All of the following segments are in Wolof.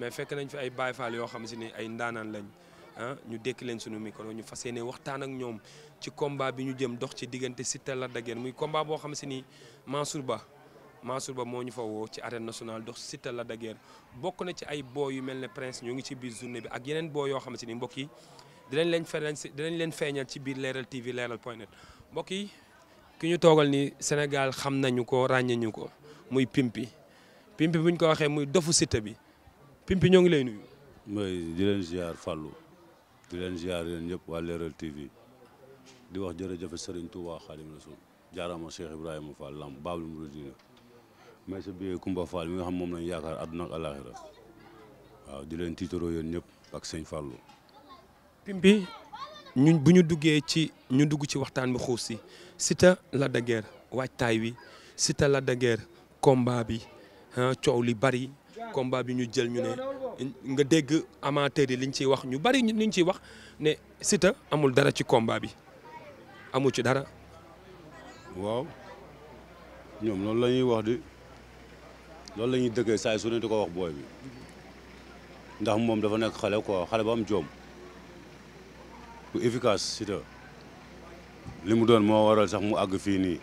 mais fekk nañ fi ay Baye Fall yoo xam si ne ay ndaanaan lañ ah, ñu dékk leen suñu micro ñu fas yéene waxtaan ak ñoom ci combat bi ñu jëm dox ci diggante Siteu la de muy combat boo xam si ni Mansour Ba Mansour Ba moo ñu fa woo ci arène national dox Siteu Lac de Guiers bokk na ci ay boo yu mel ne Prince ñoo ngi ci biir journée bi ak yeneen boo yoo xam si ni mbokk yi dinañ leen feeñal si dinañ leen feeñal ci biir leeral TV leeral point net mbokk yi ki ñu toogal ni Sénégal xam nañu ko ràññee ñu ko muy pimpi pimpi bu ñu ko waxee muy dofu Siteu bi. Pimpi ñoo ngi lay nuyu. di leen ziar Fallou di leen ger yéen ñëpp waa Leral TV di wax jërëjëf Serigne Touba Xaadimu Rasuul jaaraama Cheikh Ibrahima Fall Lamb Baabul Muridiina may sa biyee Kumba Fall mi nga xam moom lañ yaakaar àdduna ak di leen tiitaroo yéen ñëpp sëñ Fallou. Pimpi ñun bu ñu duggee ci ñu dugg ci waxtaan bi xuus si Siteu Lac de Guiers waajtaay wi Siteu Lac de Guiers combat bi ah, coow li bari. combat bi ñu jël ñu ne nga dégg amateurs yi liñ ciy wax ñu bari liñ ciy wax ne sita amul dara ci combat bi amu ci dara. waaw ñoom loolu la ñuy wax di loolu lañuy ñuy dëggee saa su di ko wax booy bi ndax moom dafa nekk xale ko xale ba am joom bu efficace Siteu li mu doon moo waral sax mu àgg fii nii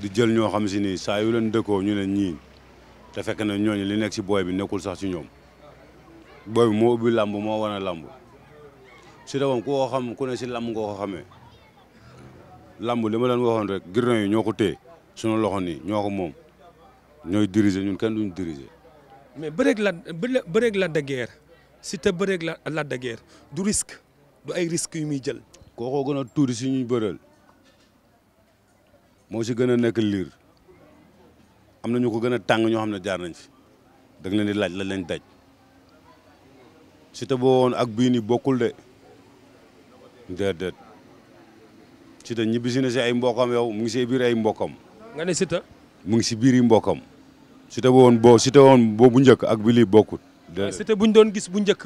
di jël ñoo xam si nii saa yu dëkkoo ñu ne ñii. te fekke na ñooñu li nekk si booy bi nekkul sax si ñoom booy bi moo ubbi làmb moo wane làmb si dawam ku ko xam ku ne si làmb nga ko xamee làmb li ma leen waxoon rek Girna yi ñoo ko téye suñu loxo nii ñoo ko moom ñooy diriger ñun kenn duñu diriger. mais bëreeg la bëreeg la de guerre si te bëreeg la la de du risque du ay risques yu muy jël. kookoo gën a tuuti si ñuy bëreel moo si gën a nekk liir. am na ñu ko gën a tàng ñoo xam ne jaar nañ fi da nga di laaj la leen daj Siteu boo woon ak bii ni bokkul de déedéet Siteu ñibbisi si ay mbokam yow mu ngi si biir ay nga ne mu ngi si biir yi mbokam Siteu woon boo woon boo bu njëkk ak bi lii bokkul Siteu buñ doon gis bu njëkk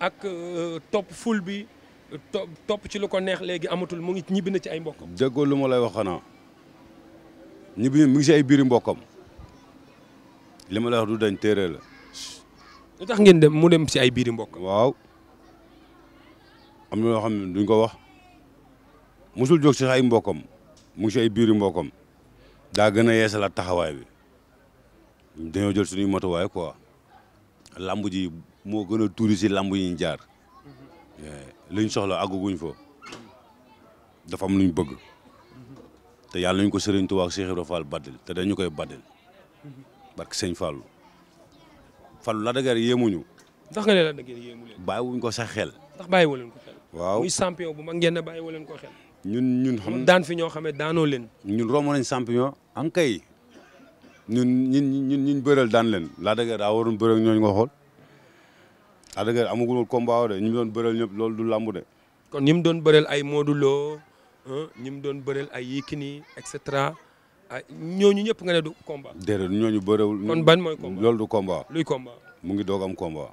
ak euh, topp ful bi topp ci lu ko neex léegi amatul mu ngi ñibbi na ci ay mbokam déggoo lu ma lay wax ñibbi mi si ay biir yi mbokam li ma la wax du dañ téere la. lu tax ngeen dem mu dem si ay biiri mbokk. waaw am na loo xam ne duñ ko wax musul jóg si ay mbokkam mu ngi si ay biiri mbokkam daa gën a yeesalaat taxawaay bi dañoo jël suñuy motuwaay quoi lamb ji moo gën a tuuri si lamb yi ñu jaar eh, liñ soxla àgguguñ fo dafa am bëgg te yàlla luñ ko Sëriñ Tuubaa ak Cheikh Ibra baddil te dañu koy baddil barke sëñ Fallou Fallou la de Guiers yéemuñu. ndax nga ne Lac de Guiers yéemu ko sax xel. ndax bàyyiwu leen waaw muy champion bu mag ngeen ne bàyyiwu leen ko xel. ñun ñun xam daan fi ñoo xamee daanoo leen. ñun romb nañ champion an kay ñun ñun ñun ñun bëreel daan leen Lac de Guiers daa waroon bëreel ñooñ nga xool Lac de Guiers amagul woon combat de ñu doon bëreel ñëpp loolu du làmb kon ñi doon bëreel ay Modou Lo ñi mu doon bëreel ay Yékini et Ah, ñooñu ñëpp nga ne du combat. déedéet ñooñu bëriwul. kon ban mooy combat loolu du combat. luy mu ngi doog am combat.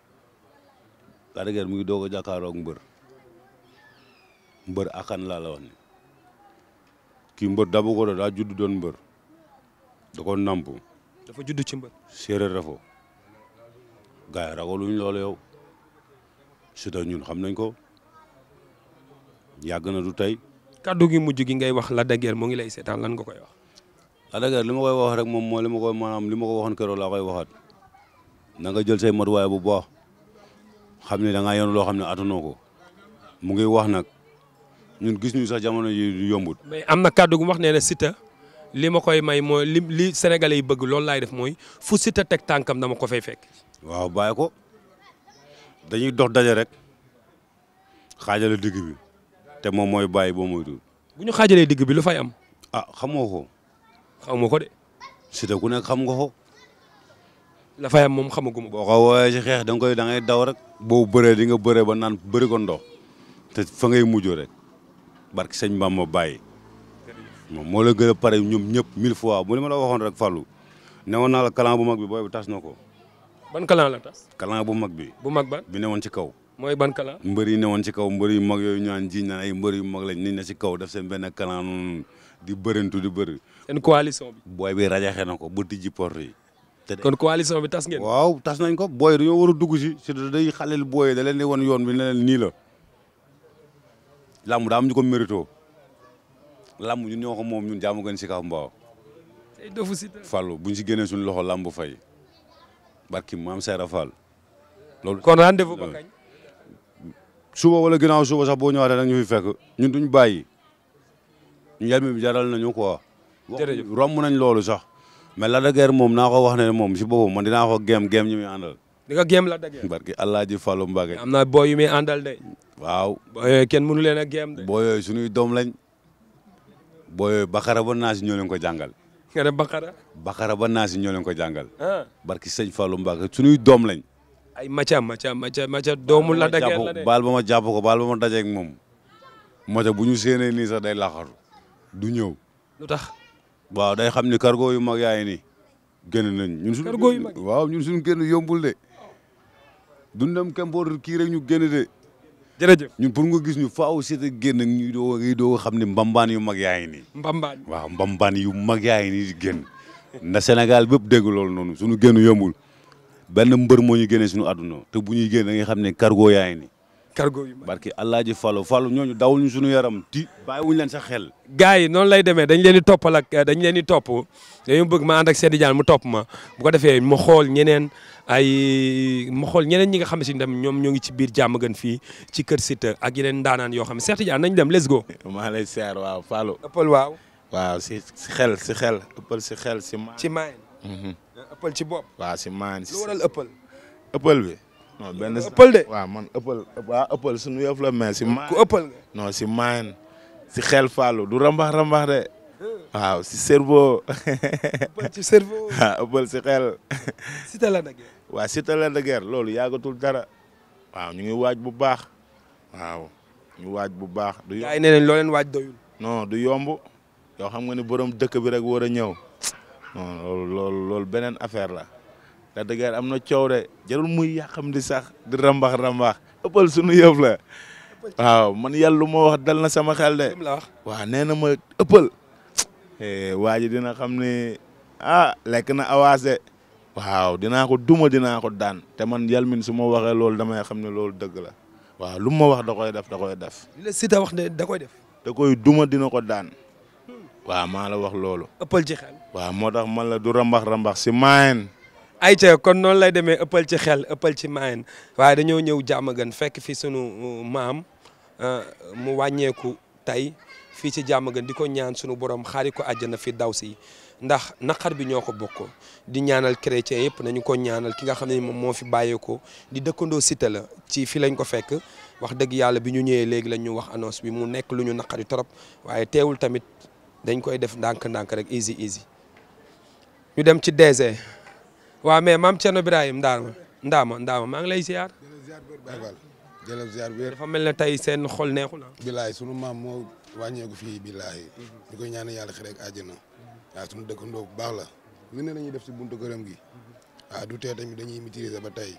Lac mu ngi doog a jàkkaaroog mbër mbër akan laa la wax ni kii mbër dabu ko daa judd doon mbër da ko namp. dafa judd ci mbër. séeréer rafo gars yi ragaluñ loolu yow Siteu ñun xam nañ ko yàgg na du tey. kaddu gi mujj gi ngay wax Lac de mu ngi lay seetaan lan nga koy wax. Lac li ma koy wax rek moom moo li ma koy maanaam li ma ko waxoon keroog laa koy waxaat na nga jël say matuwaay bu baax xam ne danga ngaa yoon loo xam ne atunoo ko mu ngi wax nag ñun gis nu sax jamono yi yombut. mais am na kàddu gu wax nee na Siteu li ma koy may mooy li li Sénégalais yi bëgg loolu laay def mooy fu Siteu teg tànkam dama ko fay fekk. waaw bàyyi ko dañuy dox daje rek xaajale digg bi te moom mooy bàyyi boo moytu. bu ñu xaajalee digg bi lu fay am. ah xamoo ko. xaw ma ko de. Siteu ku nekk xam nga ko. la fayam moom xamaguma. boo ko woowee si xeex da nga koy da ngay daw rek. boo bëree di nga bëree ba naan bëri ko ndox te fa ngay mujjoo rek barki sëñ Bamba bàyyi. moom moo la gën a pare ñoom ñëpp mille fois bu li ma la waxoon rek Fallou newoon naa la kalan bu mag bi booy bu tas na ko. ban kalan la tas. kalan bu mag bi. bu mag ban bi newoon ci kaw. mooy ban kalan. mbër yi newoon ci kaw mbër yu mag yooyu ñu naan jiñ naan ay mbër yu mag lañ ni na ci kaw def seen benn kalan noonu. di bërintu di bëri. seen coalition bi. booy bi rajaxe na ko bu tijji porte yi. kon coalition bi tas ngeen. waaw tas nañ ko booy dañoo war a dugg si surtout day xaleel booy da leen di wan yoon bi ne leen nii la. làmb daa am ñu ko mérito làmb ñun ñoo ko moom ñun jaamu gën si kaw mbaaw. tey bu ñu si génnee suñu loxo làmb fay. barki maam Seydou Fall. loolu kon rendez-vous suba wala ginnaaw suba sax boo ñëwaatee nag ñu fi fekk ñun duñ bàyyi. njël mi jaral nañu quoi. jërëjëf romb nañ loolu sax. mais Lac de moom naa ko wax ne moom si boppam man dinaa ko gém gém ñu muy àndal. di nga gém Lac de Guiers. barki allah ji Fallou Mbacké. boo yu muy àndal de. waaw boo yooyu kenn mënu leen a de. boo yooyu suñuy doom lañ boo yooyu Bakara ba naa si ñoo leen ko jàngal. nga ne Bakara. Bakara ba naa si ñoo leen ko jàngal. Ah. barki sëñ Fallou Mbacké suñuy doom lañ. ay macha macha macha macha doomu Lac de Guiers la de. baal ba ma jàpp ko baal ba ma dajeeg moom. macha bu ñu séenee sax day laxatu. du ñëw. lu tax waaw day xam ni cargo yu mag yaay nii génn nañ ñun suñu cargo yu mag waaw ñun suñu génn yombul de dundam kemboor kii rek ñu génn de. jërëjëf ñun pour nga gis ñu faaw si te génn ak xam ni mbambaan yu mag yaay nii. mbambaan waaw mbambaan yu mag yaay nii di génn. na Sénégal bépp dégg noonu suñu génn yombul benn mbër moo ñu génnee suñu àdduna te bu ñuy génn da nga xam ne cargo yaay nii. cargo yu barki Alaaji Fallu Fallu ñooñu dawuñu suñu yaram ti bàyyiwuñu leen sa xel gars yi noonu lay demee dañ leen di toppal ak eh, dañ leen di topp dañu bëgg ma ànd ak Seydi Diagne mu topp ma bu ko defee ma xool ñeneen ay ma xool ñeneen ñi nga xam si ne ñoom ñoo ngi ci biir jàmm gën fii ci kër Siteu ak yeneen ndaanaan yoo xam ne Seydi Diagne nañ dem let's go maa lay seer waaw Fallu ëppal waaw waaw si si xel si xel ëppal si xel si maan ci maan mhm. ëppal ci bopp waaw si maan lu waral ëppal ëppal bi non benn ëppal de waaw man ëppal waa ëppal suñu yëf la mais si ma ku ëppal nga non si maayen si xel fàllu du rambax rambax de waaw si cerveau. ëppal ci cerveau. waaw ah, ëppal si xel. Cité Lac de Guiers. waaw Cité Lac de Guiers loolu yàggatul dara. waaw ñu ngi waaj bu baax. waaw ñu waaj bu baax. du yomb gars yi nee nañ loo leen waaj doyul. non du yomb yoo xam nga ni borom dëkk bi rek war a ñëw non loolu loolu loolu beneen affaire la. la de am na coow de jarul muy yàqam di sax di rambax rambax ëppal sunu yëf waaw man yàlla lu ma wax dal na sama xel de. waaw nee na ma ëppal. Eh, waa ji dina xam ne ah lekk na awaas de waaw dinaa ko duma dinaa ko daan te man yàlla min su ma waxee loolu damay xam ne loolu dëgg la waaw lu ma wax da koy da koy def. li wax ne da koy def. da duma dina ko daan. waaw maa la loolu. ëppal ci xel. waaw moo tax man du rambax rambax si maayen ay ayca kon noonu lay demee ëppal ci xel ëppal ci maayen waaye dañoo ñëw jàmm gën fekk fi sunu uh, maam uh, mu wàññeeku tey fii ci jàmm gën di ko ñaan sunu borom xaari ko àjjana fi daw si ndax naqar bi ñoo ko bokk di ñaanal chrétien yëpp nañu ko ñaanal ki nga xam ne moom moo fi bàyyeekoo di dëkkandoo cité la ci fi lañ ko fekk wax dëgg yàlla bi ñu ñëwee léegi lañ ñu wax annonce bi mu nekk lu ñu naqari trop waaye teewul tamit dañ koy def ndànk-ndànk rek easy easy ñu dem ci DG. waaw mais maam Thierno Birahim Ndaama Ndaama Ndaama maa ngi lay ziar. jërëjëf ziar wér. dafa mel ne tey seen xol neexul ah. sunu maam moo wàññeeku fii bilaay. ñu koy ñaanal yàlla xëy na àjjana. waaw sunu dëkkandoo bu baax la. lu ne la ñuy def si buntu këram gi. waaw du tee tamit dañuy maîtriser ba tey.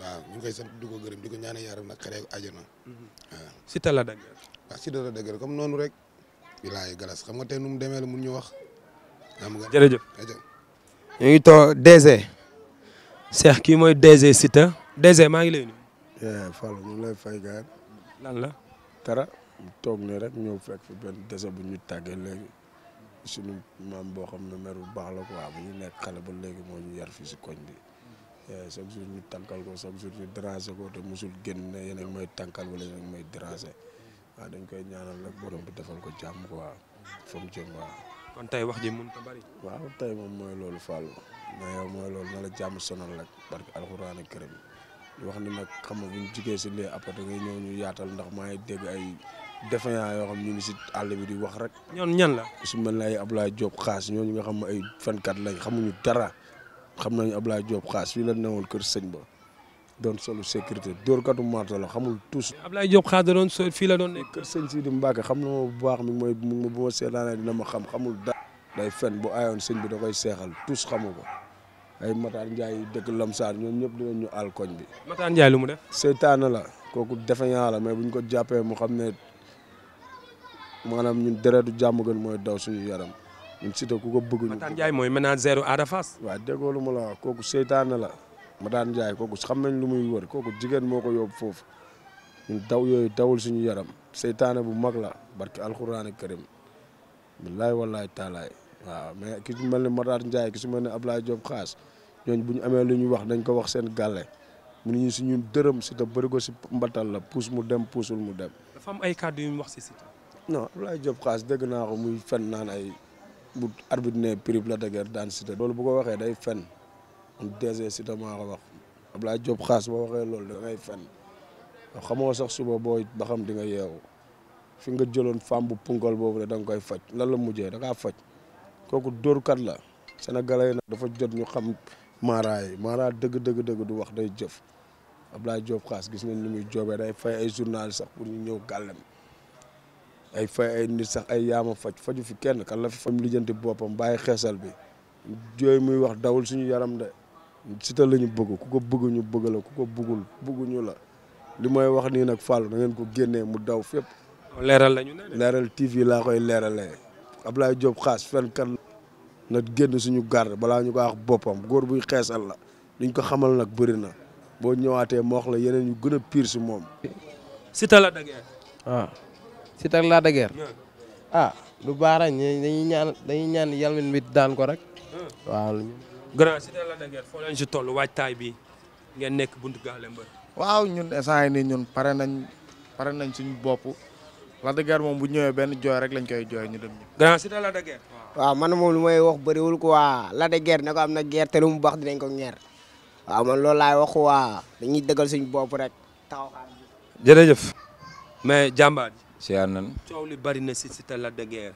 waaw ñu ngi koy sant di ko gërëm di ko ñaanal yàlla nag xëy na àjjana. waaw si ta la dëgg. si ta comme noonu rek. bilaay galas xam nga tey nu mu demee la mun ñu wax. jërëjëf xam nga jërëjëf. ñu ngi toog DG. Cheikh kii mooy DG Siteu DG maa ngi lay nuyu. Fallou ñu ngi fay gaar lan la. dara toog ne rek ñëw fekk fi benn dese bu ñu tàggee léegi suñu maam boo xam ne mère bu baax la ko quoi bu ñu nekk xale ba léegi moo ñu yar fii si koñ bi chaque jour ñu tànkal ko chaque jour ñu déranger ko te musul génn ne yeneen a may tànkal wala yéen a ngi may déranger waaw dañ koy ñaanal rek borom bu defal ko jàmm quoi fa mu jëm waaw. kon tey wax ji mun ko bari. waaw tey moom mooy loolu Fallou. mais yow mooy loolu na la jàmm sonal rek barki alxuraan a këram ñu wax ni nag xam nga bu ñu jugee si lee après da ngay ñëw ñu yaatal ndax maa ngi dégg ay défaillant yoo xam ñu si àll bi di wax rek. ñoon ñan la. su mel ne ay Ablaye Diop xaas ñooñu nga xam ay fenkat lañ xamuñu dara xam nañu Ablaye Diop xaas fii la newoon kër sëñ ba doon solu sécurité dóorkatu marto la xamul tous. Ablaye Diop xaas da doon so fii la doon nekk. kër sëñ Sidi Mbacke xam na ma bu baax mi mooy bu ma seetaanee dina ma xam xamul dara. day fen bu aayoon sëñ bi da koy seexal tous xamu ko. ay Matar Ndiaye dëkk Lamsaar ñoom ñëpp dinañ ñu aal bi. Matar Ndiaye mu def. seytaane la kooku defeñaa la mais bu ñu ko jàppee mu xam ne maanaam ñun deretu jàmm mooy daw suñu yaram ñun Siteu ku ko bëgg. ñu Matar Ndiaye mooy ménagère Ada Fass. waaw déggoo lu ma la wax kooku seytaane la Matar Ndiaye kooku xam nañ lu muy wër kooku jigéen moo ko yóbbu foofu ñun daw yooyu dawul suñu yaram seytaane bu mag la barki alxuraani karim billaay wallaay taalaay. waaw mais ki mel ne Matar Ndiaye ki su mel ne Ablaye Diop xaas ñooñ bu ñu amee lu ñuy wax dañ ko wax seen gàlle mu ñu su ñun dërëm si te ko si mbatal la puus mu dem puusul mu dem. dafa am ay kàddu yu mu wax si si. non Ablaye Diop xaas dégg naa ko muy fen naan ay bu arbitre ne prix la dëgër daan si te loolu bu ko waxee day fen am DG si te maa ko wax Ablaye Diop xaas boo waxee loolu da ngay fen xamoo sax suba boo ba xam di nga yeewu nga jëloon femme bu pungal boobu da nga koy faj lan la mujjee da ngaa faj. kooku dóorkat la yi nag dafa jot ñu xam Mara yi Mara dëgg dëgg dëgg du wax day jëf Ablaye Diop xaas gis nañ ni muy joobee day fay sax pour ñu ñëw gàllam ay sax ay yaama faj faju fi kenn kan la fi fam lijjanti boppam bàyyi xeesal bi jooy muy wax dawul suñu yaram de Siteu la ñu bëgg ko bëgg bëggul bëgguñu la li may wax nii nag Fallou na ngeen ko génnee mu daw fépp. leeral lañu ne leeral laa koy leeralee Ablaye Diop xaas fenn kan na génn suñu garde balaa ñu ko wax boppam góor buy xeesal la luñ ko xamal nag bëri na boo ñëwaatee moo wax la yeneen yu gën a pire si moom. Siteu la dageer. waaw ah. Siteu la dageer. ah lu baara dañuy ñaan dañuy ñaan yàlla mit daan ko rek. waaw. grand Siteu la dageer foo leen si toll waajtaay bi ngeen nekk buntu gaale mbër. waaw ñun instant yii nii ñun pare nañ pare nañ suñu bopp la dageer moom bu ñëwee benn jooy rek lañ koy jooy ñu dem. grand Siteu la dageer. waaw man moom lu may wax bëriwul quoi la de guerre ne ko am na guerre te lu mu baax dinañ ko ñeer waaw man loolu laay wax quoi dañuy dëggal suñu bopp rek taxaw xaar. jërëjëf. mais jàmbaar ji. siyaar nan. coow li bari na si si la de guerre.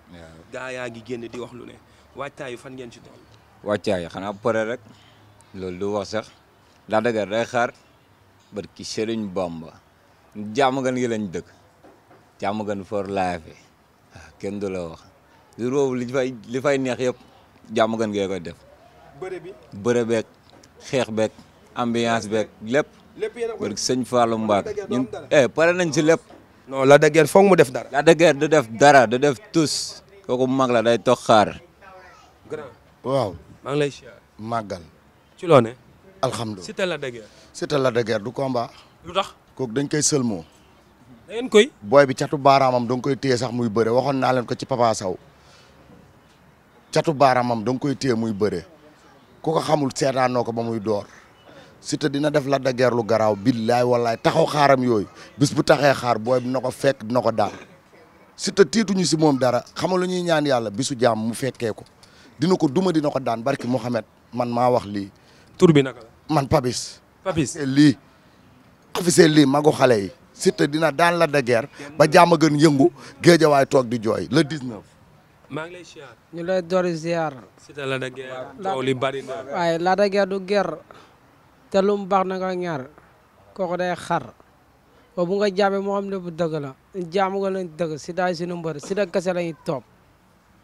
génn di wax lu ne waajtaay fan ngeen ci toll. waajtaay xanaa pare rek loolu du wax sax la de guerre day xaar barki Sëriñ Bamba lañ dëkk jàmm for laafe kenn du la wax. jour boobu li fay li fay neex yëpp jàmm gën gee koy def. bëre bi bëre beeg xeex beeg ambiance beeg lépp. lépp yéen a ko sëñ eh, pare nañ si lépp. non la dëgër foog mu def dara. la def dara du def tus kooku mag la day toog xaar. grand waaw. maa ngi lay màggal. ci loo ne. alhamdulilah Siteu la dëgër. Siteu la dëgër du combat. lu tax kooku dañ koy sëlmoo. da ngeen koy. booy bi catu baaraamam da nga koy téye sax muy bëre waxoon naa leen ko ci papa Sow. catu baaraamam da nga koy téye muy bëre ku ko xamul seetaanoo ko ba muy door Siteu dina def Lac de lu garaaw billaay wallaay taxaw xaaram yooyu bis bu taxee xaar booy dina ko fekk dina ko daan Siteu tiituñu si moom dara xama lu ñuy ñaan yàlla bisu jaam mu fekkee ko dina ko duma dina ko daan barki Mouhamed man maa wax lii. tur bi man pabis Papis lii. officier lii magu xale yi. Siteu dina daan Lac de Guiers ba jaam a gën yëngu waay toog di jooy le 19. maa ngi lay ziar. ñu lay doori ziar. Siteu la da bari na. la da du guerre te lu mu baax na nga ñaar kooku day xar ba bu nga jaabee moo xam ne bu dëgg nga leen dëgg si daay suñu mbër si da kese lañuy topp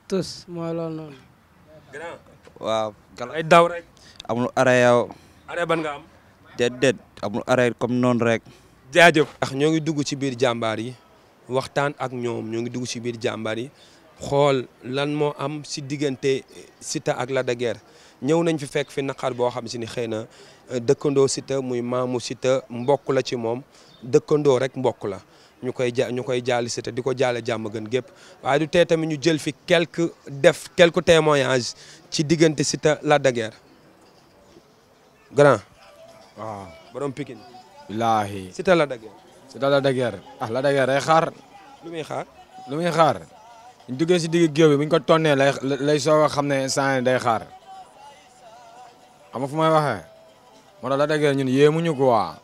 tous daw rek. amul nga am. déedéet amul comme noonu rek. jaajëf. ndax ñoo ngi dugg ci biir jàmbaar yi waxtaan ak ñoom ngi dugg ci biir jàmbaar yi. xool lan moo am si diggante Siteu ak la de ñëw nañ fi fekk fi naqar boo xam si ni xëy na euh, dëkkandoo Siteu muy maamu Siteu mbokk la ci moom dëkkandoo rek mbokk la ñu koy ja ñu koy jaali di ko jaale jàmm gën gépp waaye du tee tamit ñu jël fi quelque def quelques témoignages ci diggante Siteu la de Guiers grand waaw borom Pikine billaahi Siteu Lac de Guiers Siteu ah Lac de Guiers xaar lu muy xaar ñu duggee si digg géew bi bu ñu ko tonnee lay lay soog a xam ne saa day xaar xam nga fu may waxee moo la dëgër ñun yéemuñu quoi.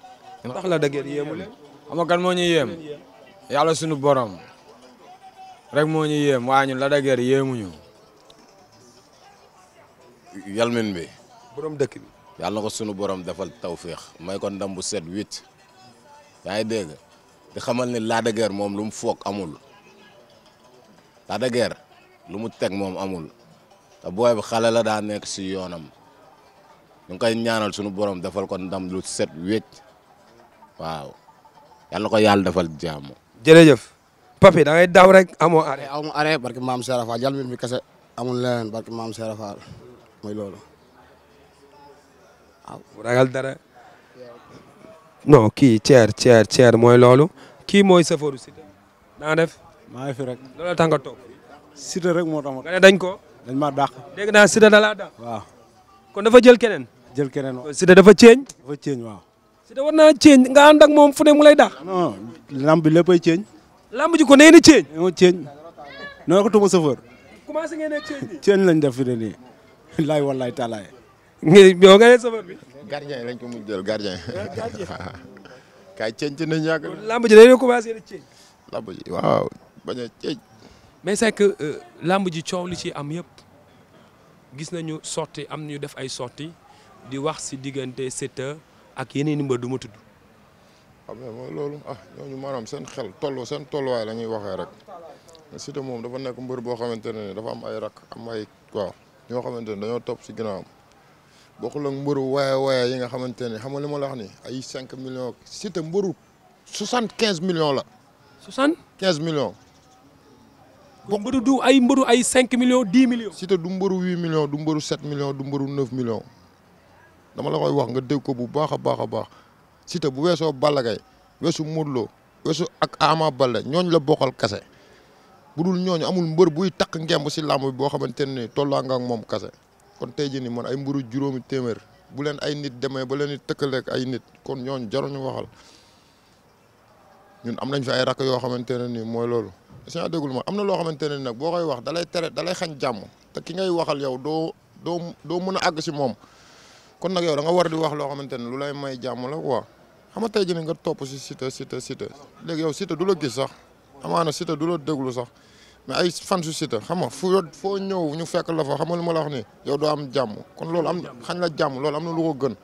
moo la dëgër yéemu leen kan moo ñu yéem yàlla sunu borom rek moo ñu yéem waaye ñun la dëgër yéemuñu. yalmin bi. borom dëkk bi. yàlla na ko sunu borom defal tawféex may kon ndam bu set huit yaa ngi dégg di xamal ni la moom lu mu foog amul. Lac de Guiers lu mu teg moom amul te booy bi xale la daa nekk si yoonam ñu ngi koy ñaanal suñu borom defal ko ndam lu set wécc waaw yal na ko yàlla defal jàmm. jërëjëf Papy da ngay daw rek amoo arrêt. amoo arrêt barki maam Serap Fall mi kese amul leneen barki maam Serap Fall mooy loolu waaw. ragal dara non kii ceer ceer ceer mooy loolu kii mooy safaru si da def. maa ngi fi rek. loolu tax nga toog. Siteu rek moo tax ma. nga dañ ko. dañ maa dàq. dégg naa Siteu da laa dàq. waaw. kon dafa jël keneen. jël keneen waaw dafa ceeñ. dafa ceeñ waaw. Siteu war naa ceeñ nga ànd ak moom fu ne mu lay dàq. non lamb bi léppay ceeñ. lamb ji ko nee na ceeñ. nee na ceeñ noonu ko tuma sëfër. commencé ngeen ak ceeñ bi. ceeñ lañ def fi de nii. laay wallaay taalaay. nga yow nga ne sëfër bi. lañ ko mujj jël gardien. Ah, gardien kaay ceeñ ci nañ yàgg. lamb ji dañuy commencé ceeñ. lamb ji waaw. bañ a mais c'est que euh, làmb ji coow li ci am yëpp gis nañu sorti am ñu def ay sorti di wax si diggante Siteu ak yeneen i mbër du ma tudd. xam nga mooy loolu ah ñooñu maanaam seen xel tolloo seen tolluwaay la ñuy waxee rek Siteu moom dafa nekk mbër boo xamante ne dafa am ay rak am ay waaw ñoo xamante ne dañoo topp si ginnaawam bokkul ak mbëru waaye waaye yi nga xamante ne xam nga li ma la wax nii ay 5 millions Siteu mbëru 75 millions la. 75 millions. bu mbëru du ay mbëru ay cinq millions 10 millions. Siteu du mbëru 8 millions du mbëru 7 millions du mbëru 9 dama la koy wax nga dégg ko bu baax a baax a baax Siteu bu weesoo Balla Gaye weesu Modou Lo weesu ak Ama Baldé ñooñ la bokkal kase bu dul ñooñu amul mbër buy takk ngemb si làmb bi boo xamante ne tollaa nga ak moom kase kon tey jii nii man ay mbëru juróomi téeméer bu leen ay nit demee ba leen di tëkkaleeg ay nit kon ñooñ jaruñu waxal. ñun am nañ fi ay rakk yoo xamante ne nii mooy loolu sina déggul ma am na loo xamante ne nag boo koy wax dalay tere dalay xañ jàmm te ki ngay waxal yow doo doo doo mën a àgg si moom kon nag yow da nga war di wax loo xamante ne lu lay may jàmm la quoi xam nga tey jii nga topp si Siteu Siteu Siteu yow Siteu du la gis sax amaana Siteu du la déglu sax mais ay fan su xam nga foo foo ñëw ñu fekk la fa xam nga lu ma la wax nii yow doo am jàmm kon loolu am xañ la jàmm loolu am na lu ko gën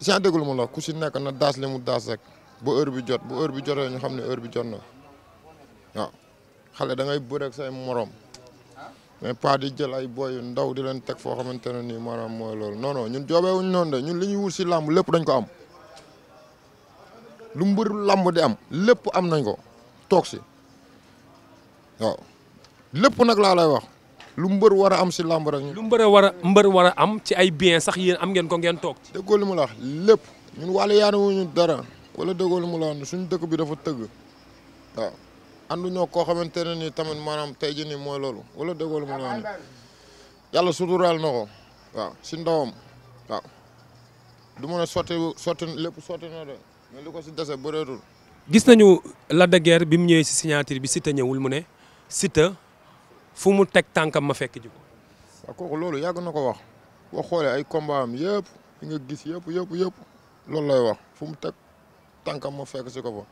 sina déggul ma la ku si nekk na daas li mu daas rek bu heure bi jot bu heure bi jotee ñu xam ne heure bi jot na waaw xale da ngay bëre morom mais pas di jël ay boy ndaw di leen teg foo xamante ne nii maanaam mooy loolu noonoo ñun joobee wuñ noonu de ñun li ñuy wut si làmb lépp dañ ko am lu mbër làmb di am lépp am nañ ko toog si waaw lépp nag laa lay wax lu mbër war a am si làmb rek. lu mbër war mbër war a am ci ay bien sax yéen am ngeen ko ngeen toog. déggoo li mu la wax lépp ñun wàllu yaanu wuñu dara. wala dëggoo lu mu la wax suñu dëkk bi dafa tëgg waaw ànduñoo koo xamante ne ni tamit maanaam tey jii nii mooy loolu wala dëggoo lu mu la wax yàlla suturaal na ko waaw si ndawam waaw du mën a sotti sotti lépp sotti na de mais li ko si dese bëreetul. gis nañu la deger bi mu ñëwee si signature bi Siteu ñëwul mu ne Siteu fu mu teg tànkam ma fekk ji ko. waaw loolu yàgg na ko wax boo xoolee ay combat am yëpp nga gis yëpp yëpp yëpp loolu lay wax fu mu teg. tànkam ma fekk si ko fa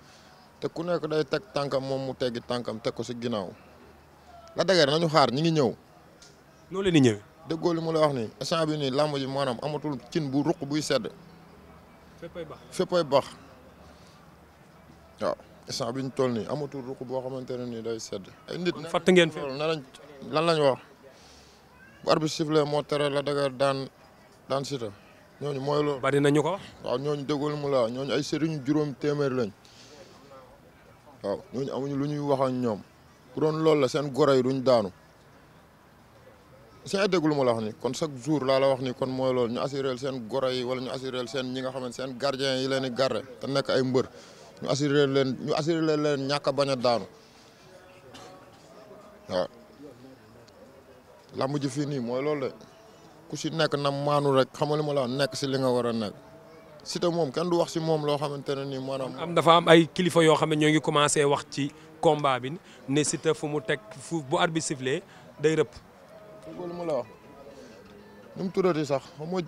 te ku nekk day teg tànkam moom mu teggi tànkam teg ko si ginnaaw la dëgër nañu xaar ñi ngi ñëw. noo leen li mu la wax nii instant bi nii làmb ji maanaam amatul cin bu ruq buy sedd. féppay baax féppay baax waaw instant bi ñu nii amatul ruq boo xamante ne nii day sedd. ay nit fàtt ngeen fi lan lañ wax bu arbitre sifflé moo tere la dëgër daan daan Siteu ñooñu mooy loolu. bari nañu ko. waaw ñooñu dëggul mu la ñooñu ay sëriñu juróom téeméer lañ waaw ñooñu amuñu lu ñuy wax ñoom ku doon loolu la seen goro yi duñ daanu si ay dëggul mu la ni kon chaque jour laa wax ni kon mooy loolu ñu assuréel seen goro yi wala ñu assuréel seen ñi nga xamante seen gardien yi leen di garder te nekk ay mbër ñu assuré leen ñu assuré leen ñàkk a bañ daanu waaw lamb ji fii nii mooy loolu de. ku si nekk na maanu rek xam nga li ma la nekk si li nga war a nekk Siteu moom kenn du wax si moom loo xamante ne nii maanaam. am dafa am ay kilifa yoo xam ne ñoo ngi commencé wax ci combat bi ne Siteu fu mu teg fu bu arbitre sifflé day rëpp. loolu ma la wax nu mu tuddati sax xam nga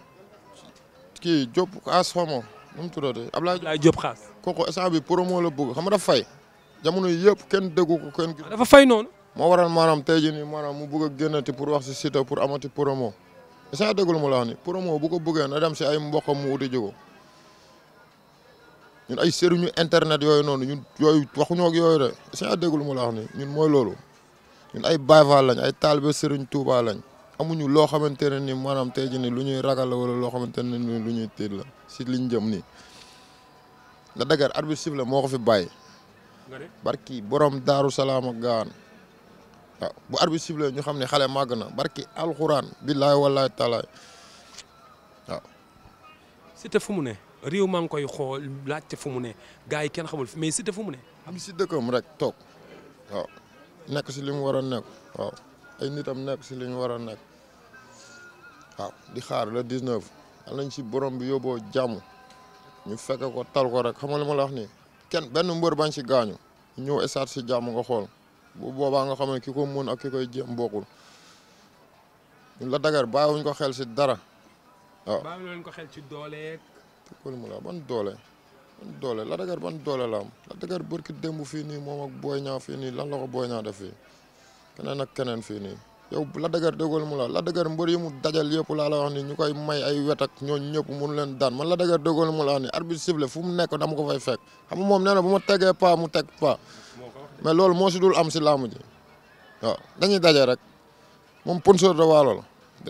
kii Diop As Fama nu mu tuddati Abdoulaye Diop bi promo la bëgg xam nga dafa fay jamono yëpp kenn déggu ko kenn. Ah, dafa fay noonu. moo waral maanaam tey jii nii maanaam mu bëgg a génnati pour wax si Siteu pour amati promo. est-ce que déggul mu la wax ni promo bu ko bëggee na dem si ay mboqam mu wuti jógo ñun ay sëriñu internet yooyu noonu ñun yooyu waxuñoo ak yooyu de est-ce que déggul mu ñun mooy loolu ñun ay Baay Faal lañ ay taalibe sëriñ Tuubaa lañ amuñu loo xamante ne ni maanaam tey jii ni lu ñuy ragal la wala loo xamante ne ni lu ñuy tiit la si liñ jëm nii la dagar arbitre siffle moo ko fi bàyyi barki borom daaru salaam gaan waaw bu arbitre sifflé ñu xam ne xale màgg na barki alxuraan billaay wallaay taalaay waaw. Siteu fu mu ne réew man koy xool laajte fu mu ne gars yi kenn xamul mais Siteu fu mu ne. am si dëkkam rek toog waaw nekk si li mu war a nekk waaw nitam nekk si li ñu nekk waaw di xaar le 19 yal nañ si borom bi yóbboo jàmm ñu fekk ko tal ko rek xam nga li ma la nii kenn benn mbër bañ si gaañu ñëw esaat si jàmm nga xool. bu boobaa nga xam ne ki ko mën ak ki koy jéem bokkul la dagar bàyyiwuñ ko xel si dara waaw. bàyyiwuñ ko xel ci dooleeg. tëkkul mu la ban doole ban doole la dagar ban doole la am la dagar bërki démb fii nii moom ak booy ñaa fii nii lan la ko booy ñaa def fii keneen ak keneen fii nii. yow la dëgër dëggul mu la la dëgër mbër yi mu dajal yëpp laa la wax ni ñu koy may ay wet ñoo ñëpp mënu leen daan man la dëgër dëggul mu la ni arbitre siffle fu mu nekk dama ko fay fekk xam nga moom nee ma tegee pas mu teg pas mais loolu moo si dul am si làmb ji waaw dañuy daje rek moom sponsor de waalo la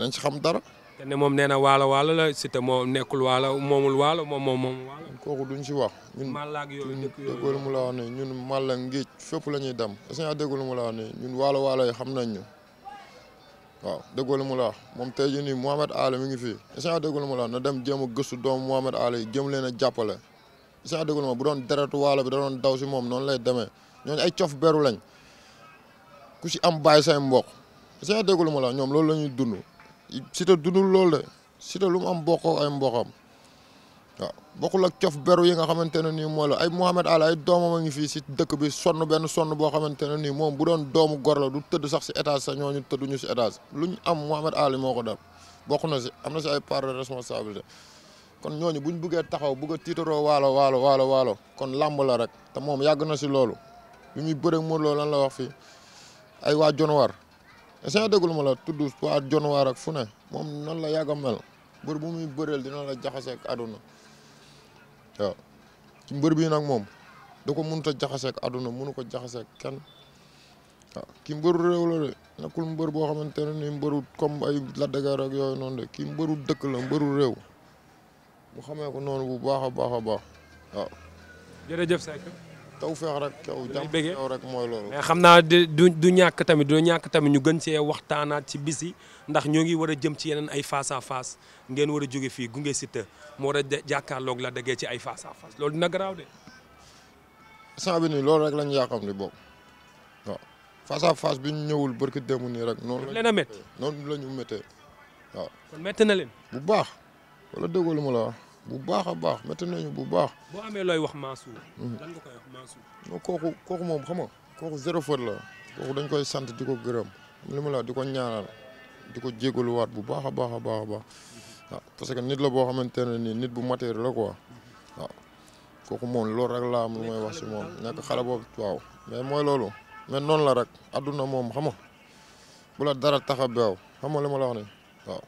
dañ si xam dara. te ne moom nee na waalo waalo la Siteu moo nekkul waalo moomul waalo moom moom moom waalo. kooku duñ si wax. ñun Malang yooyu mu la wax ne ñun Malang Ngéej fépp la ñuy dem est-ce que déggul la wax ñun waalo waalo yi xam nañ ñu waaw déggul mu la moom tey jii nii Mohamed Ali mi ngi fii est-ce que déggul mu la na dem jéem a gëstu doom Mohamed Ali yi jëm leen a jàppale est-ce que bu doon deretu waalo bi da doon daw si moom noonu lay demee. ñooñu ay cof beru lañ ku ci am bàyyi say mbokk sa déglu ma la ñoom loolu la ñuy dund Siteu dundul loolu de lu am bokkoo ay mbokkam waaw bokkul ak cof beru yi nga xamante ne nii mooy ay Mouhamed Alla ay doomam a ngi fii si dëkk bi sonn benn sonn boo xamante ne nii moom bu doon doomu gor la du tëdd sax si étage sax ñooñu tëdduñu si étage lu ñu am Mouhamed Alla moo ko dal bokk na si am na si ay part de responsabilité kon ñooñu bu ñu buggee taxaw bëgg a tiitaroo waalo waalo waalo waalo kon làmb la rek te moom yàgg na si loolu. bi muy bëreeg Modou Lo lan la wax fii ay waa Jonwaar est-ce que déglu ma la tudd waa Jonwaar ak fu ne moom noonu la yàgg a mel mbër bu mu bëreel dina la jaxase ak àdduna mbër bii nag moom da ko mënut a jaxase ak àdduna mënu ko jaxase kenn waaw kii mbëru réew la de nekkul mbër boo xamante ne ni mbëru comme ay la ak yooyu noonu de kii mbëru dëkk la mbëru réew mu xamee ko noonu bu baax a baax a baax waaw. jërëjëf tawfeex rek yow jàmm yow rek mooy loolu mais xam naa du du ñàkk tamit du ñàkk tamit ñu gën cee waxtaanaat ci bisi ndax ñoo ngi war a jëm ci yeneen ay face fas face ngeen war a jóge fii gunge Siteu mu war a jàkkaarloog la dagee ci ay face à face loolu dina garaaw de sant bi nii loolu rek lañu yàqam ni boobu waaw face à bi ñu ñëwul barki démb nii rek noonu leen a métti noonu la ñu méttee waaw kon métti na leen bu baax wala déggoo lu ma la bu baax a baax métti nañu bu baax. boo amee looy wax Mansour. Mm-hmm. lan kooku kooku moom xama nga kooku zéro faute la kooku dañ koy sant di ko gërëm li ma la di ko ñaanal di ko jégaluwaat bu baax a baax a baax a baax ah, parce que nit la boo xamante ne nii nit bu matériel la ko waaw ah, kooku loolu rek laa am wax si moom nekk xale boobu waaw mais mooy loolu mais noonu la rek adduna moom xam nga bu la dara tax a beew xam nga li ma la wax nii waaw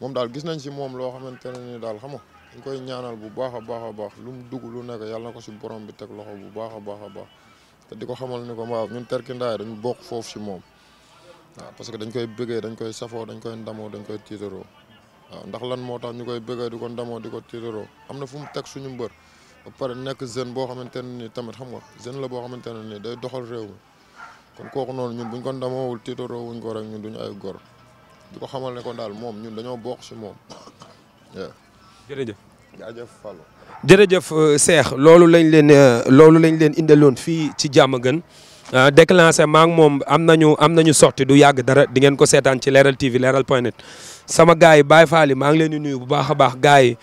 moom daal gis nañ si moom loo xamante ne nii daal xam dañ koy ñaanal bu baax a baax a baax lu dugg lu nekk yàlla ko si borom bi teg loxo bu baax a baax a baax te di ko xamal ni ko waaw ñun terkindaay dañu bokk foofu si moom waaw parce que dañ koy bëggee dañ koy safoo dañ koy ndamoo dañ koy tiitaroo waaw ndax lan moo tax ñu koy bëggee di ko ndamoo di ko tiitaroo am na fu mu teg suñu mbër ba pare nekk jeune boo xamante ne nii tamit xam nga jeune la boo xamante ne nii day doxal réew mi kooku noonu ñun buñ ko ndamoowul tiitaroo wuñ ko rek ñun duñu ay gor di ko xamal ne ko daal moom ñun dañoo bokk si moom jërëjëf jaajëf jërëjëf euh, Cheikh loolu lañ leen euh, loolu lañ leen indaloon fii ci jàmm gën euh, déclenché maa ngi moom am nañu am nañu sorti du yàgg dara di ngeen ko seetaan ci leeral TV leeral point net sama gars yi Baye Fall maa ngi leen di nuyu bu baax a baax gars yi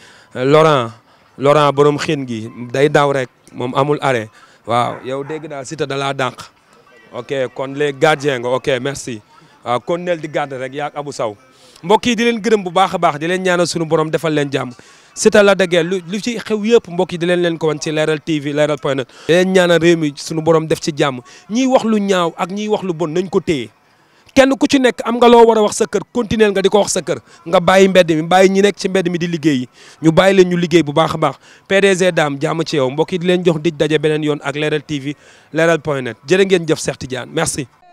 Laurent borom xiin gi day daw rek moom amul arrêt waaw yow dégg naa Siteu da laa dànq ok kon les gardiens ok merci. waaw ah, kon nel di gàdd rek yaa abu saw mbokk yi di leen gërëm bu baax a baax di leen ñaanal suñu borom defal leen jàmm Siteu Lac de Guiers lu ci xew yëpp mbokki yi di leen leen ko wan ci leeral TV leeral point net di leen ñaanal mi suñu borom def ci jàmm ñiy wax lu ñaaw ak ñiy wax lu bon nañ ko téye kenn ku ci nekk am nga loo war wax sa kër continuer nga di ko wax sa kër nga bàyyi mbedd mi bàyyi ñi nekk ci mbedd mi liggéey yi ñu bàyyi leen bu baax a baax PDG Dame jàmm ci yow mbokk yi leen jox dij daje beneen yoon ak leeral TV leeral point net jërë ngeen jëf Cheikh Tidiane merci